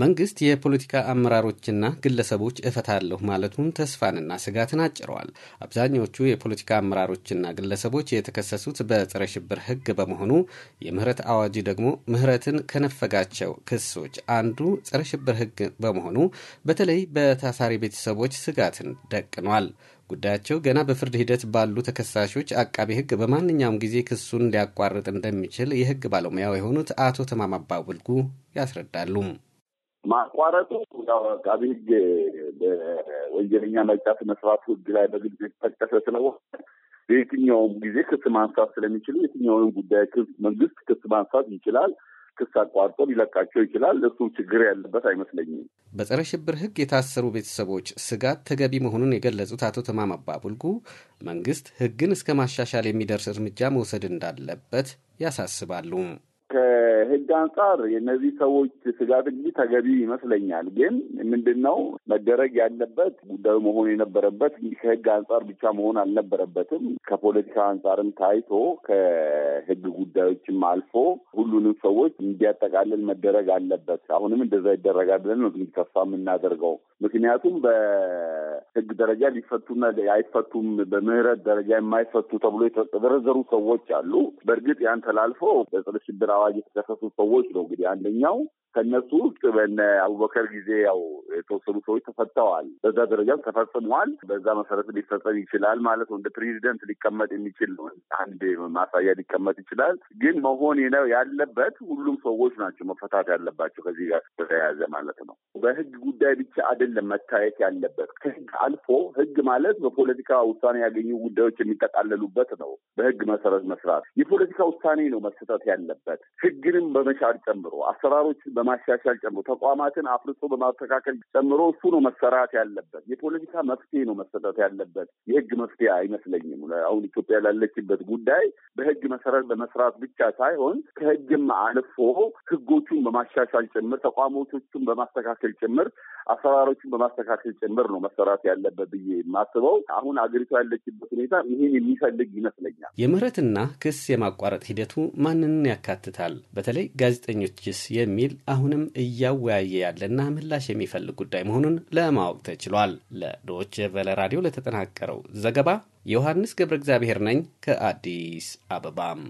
መንግስት የፖለቲካ አመራሮችና ግለሰቦች እፈታለሁ ማለቱን ተስፋንና ስጋትን አጭረዋል። አብዛኛዎቹ የፖለቲካ አመራሮችና ግለሰቦች የተከሰሱት በጸረ ሽብር ሕግ በመሆኑ የምህረት አዋጅ ደግሞ ምህረትን ከነፈጋቸው ክሶች አንዱ ጸረ ሽብር ሕግ በመሆኑ በተለይ በታሳሪ ቤተሰቦች ስጋትን ደቅኗል። ጉዳያቸው ገና በፍርድ ሂደት ባሉ ተከሳሾች አቃቤ ሕግ በማንኛውም ጊዜ ክሱን ሊያቋርጥ እንደሚችል የሕግ ባለሙያው የሆኑት አቶ ተማማባ ውልጉ ያስረዳሉ። ማቋረጡ ያው አቃቢ መጫ በወንጀለኛ መቅጫ ላይ በግልጽ የተጠቀሰ ስለሆነ በየትኛውም ጊዜ ክስ ማንሳት ስለሚችሉ የትኛውንም ጉዳይ መንግስት ክስ ማንሳት ይችላል። ክስ አቋርጦ ሊለቃቸው ይችላል። እሱ ችግር ያለበት አይመስለኝም። በጸረ ሽብር ህግ የታሰሩ ቤተሰቦች ስጋት ተገቢ መሆኑን የገለጹት አቶ ተማማባ ቡልጉ መንግስት ህግን እስከ ማሻሻል የሚደርስ እርምጃ መውሰድ እንዳለበት ያሳስባሉ። ከህግ አንጻር የእነዚህ ሰዎች ስጋት እንግዲህ ተገቢ ይመስለኛል። ግን ምንድን ነው መደረግ ያለበት ጉዳዩ መሆን የነበረበት ከህግ አንጻር ብቻ መሆን አልነበረበትም። ከፖለቲካ አንጻርም ታይቶ ከህግ ጉዳዮችም አልፎ ሁሉንም ሰዎች እንዲያጠቃልል መደረግ አለበት። አሁንም እንደዛ ይደረጋል ብለን ነው እንግዲህ ተስፋ የምናደርገው። ምክንያቱም በህግ ደረጃ ሊፈቱና አይፈቱም በምህረት ደረጃ የማይፈቱ ተብሎ የተዘረዘሩ ሰዎች አሉ። በእርግጥ ያን ተላልፎ በጸረ ሽብር አዋጅ የተከ የተከሰሱ ሰዎች ነው። እንግዲህ አንደኛው ከእነሱ ውስጥ በነ አቡበከር ጊዜ ያው የተወሰኑ ሰዎች ተፈተዋል። በዛ ደረጃም ተፈጽመዋል። በዛ መሰረት ሊፈጸም ይችላል ማለት ነው። እንደ ፕሬዚደንት ሊቀመጥ የሚችል ነው። አንድ ማሳያ ሊቀመጥ ይችላል። ግን መሆን ነው ያለበት ሁሉም ሰዎች ናቸው መፈታት ያለባቸው ከዚህ ጋር ተያያዘ ማለት ነው። በህግ ጉዳይ ብቻ አይደለም መታየት ያለበት ከህግ አልፎ ህግ ማለት በፖለቲካ ውሳኔ ያገኙ ጉዳዮች የሚጠቃለሉበት ነው። በህግ መሰረት መስራት የፖለቲካ ውሳኔ ነው መሰጠት ያለበት ህግንም በመሻር ጨምሮ አሰራሮችን በማሻሻል ጨምሮ ተቋማትን አፍርሶ በማስተካከል ጨምሮ እሱ ነው መሰራት ያለበት። የፖለቲካ መፍትሄ ነው መሰጠት ያለበት። የህግ መፍትሄ አይመስለኝም። አሁን ኢትዮጵያ ላለችበት ጉዳይ በህግ መሰረት በመስራት ብቻ ሳይሆን ከህግም አልፎ ህጎቹን በማሻሻል ጭምር ተቋሞቶቹን በማስተካከል ጭምር አሰራሮቹን በማስተካከል ጭምር ነው መሰራት ያለበት ብዬ የማስበው። አሁን አገሪቷ ያለችበት ሁኔታ ይህን የሚፈልግ ይመስለኛል። የምህረትና ክስ የማቋረጥ ሂደቱ ማንንን ያካትታል? በተለይ ጋዜጠኞችስ የሚል አሁንም እያወያየ ያለና ምላሽ የሚፈልግ ትልቅ ጉዳይ መሆኑን ለማወቅ ተችሏል። ለዶች ቨለ ራዲዮ ለተጠናቀረው ዘገባ ዮሐንስ ገብረ እግዚአብሔር ነኝ ከአዲስ አበባም